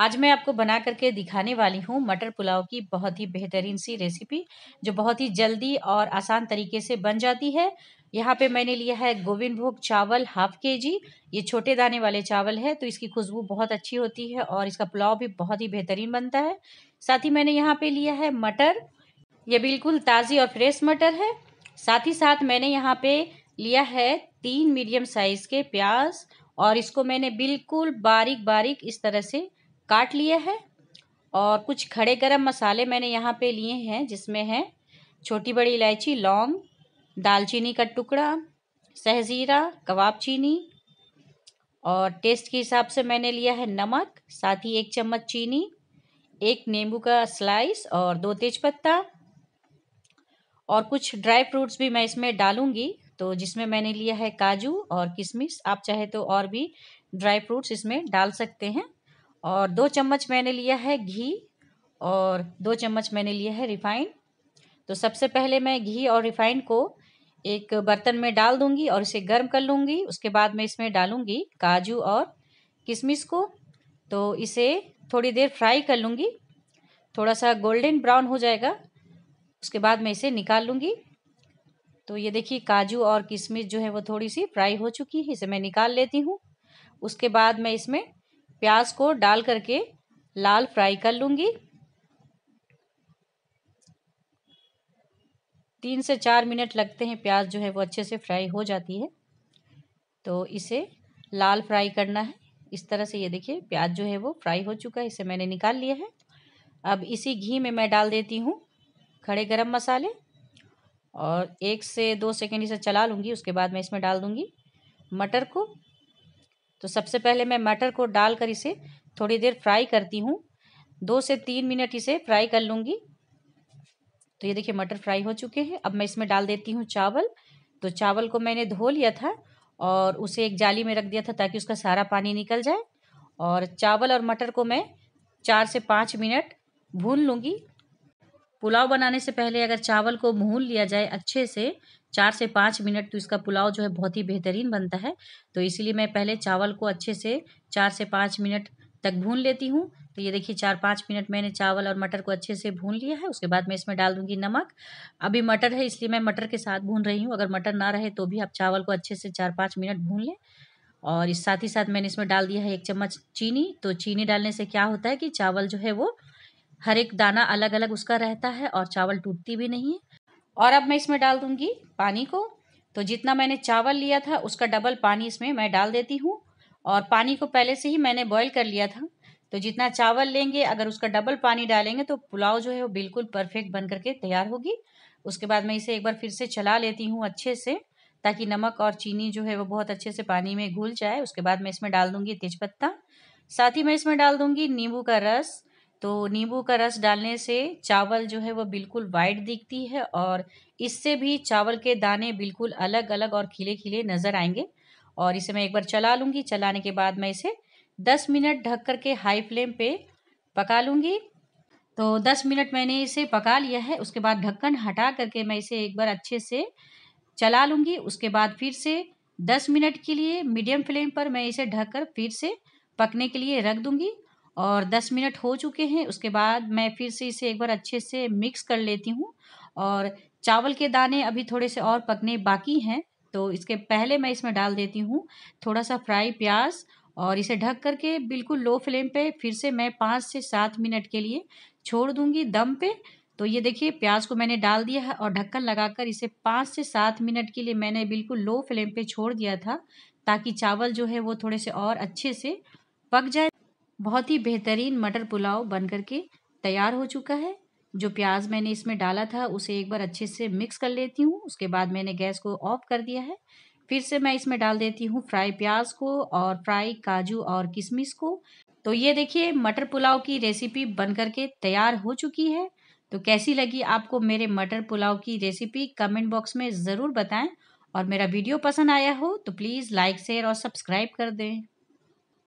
आज मैं आपको बना करके दिखाने वाली हूँ मटर पुलाव की बहुत ही बेहतरीन सी रेसिपी जो बहुत ही जल्दी और आसान तरीके से बन जाती है यहाँ पे मैंने लिया है गोविंद भोग चावल हाफ के जी ये छोटे दाने वाले चावल है तो इसकी खुशबू बहुत अच्छी होती है और इसका पुलाव भी बहुत ही बेहतरीन बनता है साथ ही मैंने यहाँ पे लिया है मटर ये बिल्कुल ताज़ी और फ्रेश मटर है साथ ही साथ मैंने यहाँ पे लिया है तीन मीडियम साइज़ के प्याज और इसको मैंने बिल्कुल बारीक बारीक इस तरह से काट लिया है और कुछ खड़े गरम मसाले मैंने यहाँ पे लिए हैं जिसमें है छोटी बड़ी इलायची लौंग दालचीनी का टुकड़ा सहजीरा कबाब चीनी और टेस्ट के हिसाब से मैंने लिया है नमक साथ ही एक चम्मच चीनी एक नींबू का स्लाइस और दो तेज़पत्ता और कुछ ड्राई फ्रूट्स भी मैं इसमें डालूंगी तो जिसमें मैंने लिया है काजू और किशमिश आप चाहे तो और भी ड्राई फ्रूट्स इसमें डाल सकते हैं और दो चम्मच मैंने लिया है घी और दो चम्मच मैंने लिया है रिफाइंड तो सबसे पहले मैं घी और रिफाइंड को एक बर्तन में डाल दूंगी और इसे गर्म कर लूँगी उसके बाद मैं इसमें डालूँगी काजू और किशमिश को तो इसे थोड़ी देर फ्राई कर लूँगी थोड़ा सा गोल्डन ब्राउन हो जाएगा उसके बाद मैं इसे निकाल लूँगी तो ये देखिए काजू और किशमिश जो है वो थोड़ी सी फ्राई हो चुकी है इसे मैं निकाल लेती हूँ उसके बाद मैं इसमें प्याज को डाल करके लाल फ्राई कर लूँगी तीन से चार मिनट लगते हैं प्याज जो है वो अच्छे से फ्राई हो जाती है तो इसे लाल फ्राई करना है इस तरह से ये देखिए प्याज जो है वो फ्राई हो चुका है इसे मैंने निकाल लिया है अब इसी घी में मैं डाल देती हूँ खड़े गरम मसाले और एक से दो सेकेंड इसे चला लूँगी उसके बाद मैं इसमें डाल दूँगी मटर को तो सबसे पहले मैं मटर को डालकर इसे थोड़ी देर फ्राई करती हूँ दो से तीन मिनट इसे फ्राई कर लूँगी तो ये देखिए मटर फ्राई हो चुके हैं अब मैं इसमें डाल देती हूँ चावल तो चावल को मैंने धो लिया था और उसे एक जाली में रख दिया था ताकि उसका सारा पानी निकल जाए और चावल और मटर को मैं चार से पाँच मिनट भून लूँगी पुलाव बनाने से पहले अगर चावल को भून लिया जाए अच्छे से चार से पाँच मिनट तो इसका पुलाव जो है बहुत ही बेहतरीन बनता है तो इसीलिए मैं पहले चावल को अच्छे से चार से पाँच मिनट तक भून लेती हूँ तो ये देखिए चार पाँच मिनट मैंने चावल और मटर को अच्छे से भून लिया है उसके बाद मैं इसमें डाल दूंगी नमक अभी मटर है इसलिए मैं मटर के साथ भून रही हूँ अगर मटर ना रहे तो भी आप चावल को अच्छे से चार पाँच मिनट भून लें और इस साथ ही साथ मैंने इसमें डाल दिया है एक चम्मच चीनी तो चीनी डालने से क्या होता है कि चावल जो है वो हर एक दाना अलग अलग उसका रहता है और चावल टूटती भी नहीं है और अब मैं इसमें डाल दूंगी पानी को तो जितना मैंने चावल लिया था उसका डबल पानी इसमें मैं डाल देती हूँ और पानी को पहले से ही मैंने बॉईल कर लिया था तो जितना चावल लेंगे अगर उसका डबल पानी डालेंगे तो पुलाव जो है वो बिल्कुल परफेक्ट बन करके तैयार होगी उसके बाद मैं इसे एक बार फिर से चला लेती हूँ अच्छे से ताकि नमक और चीनी जो है वो बहुत अच्छे से पानी में घुल जाए उसके बाद मैं इसमें डाल दूँगी तेज़पत्ता साथ ही मैं इसमें डाल दूँगी नींबू का रस तो नींबू का रस डालने से चावल जो है वह बिल्कुल वाइट दिखती है और इससे भी चावल के दाने बिल्कुल अलग अलग और खिले खिले नज़र आएंगे और इसे मैं एक बार चला लूँगी चलाने के बाद मैं इसे दस मिनट ढक कर के हाई फ्लेम पे पका लूँगी तो दस मिनट मैंने इसे पका लिया है उसके बाद ढक्कन हटा करके मैं इसे एक बार अच्छे से चला लूँगी उसके बाद फिर से दस मिनट के लिए मीडियम फ्लेम पर मैं इसे ढककर फिर से पकने के लिए रख दूँगी और दस मिनट हो चुके हैं उसके बाद मैं फिर से इसे एक बार अच्छे से मिक्स कर लेती हूँ और चावल के दाने अभी थोड़े से और पकने बाकी हैं तो इसके पहले मैं इसमें डाल देती हूँ थोड़ा सा फ्राई प्याज और इसे ढक करके बिल्कुल लो फ्लेम पे फिर से मैं पाँच से सात मिनट के लिए छोड़ दूँगी दम पे तो ये देखिए प्याज को मैंने डाल दिया है और ढक्कन लगाकर इसे पाँच से सात मिनट के लिए मैंने बिल्कुल लो फ्लेम पे छोड़ दिया था ताकि चावल जो है वो थोड़े से और अच्छे से पक जाए बहुत ही बेहतरीन मटर पुलाव बन करके तैयार हो चुका है जो प्याज मैंने इसमें डाला था उसे एक बार अच्छे से मिक्स कर लेती हूँ उसके बाद मैंने गैस को ऑफ कर दिया है फिर से मैं इसमें डाल देती हूँ फ्राई प्याज को और फ्राई काजू और किशमिश को तो ये देखिए मटर पुलाव की रेसिपी बन करके तैयार हो चुकी है तो कैसी लगी आपको मेरे मटर पुलाव की रेसिपी कमेंट बॉक्स में ज़रूर बताएं और मेरा वीडियो पसंद आया हो तो प्लीज़ लाइक शेयर और सब्सक्राइब कर दें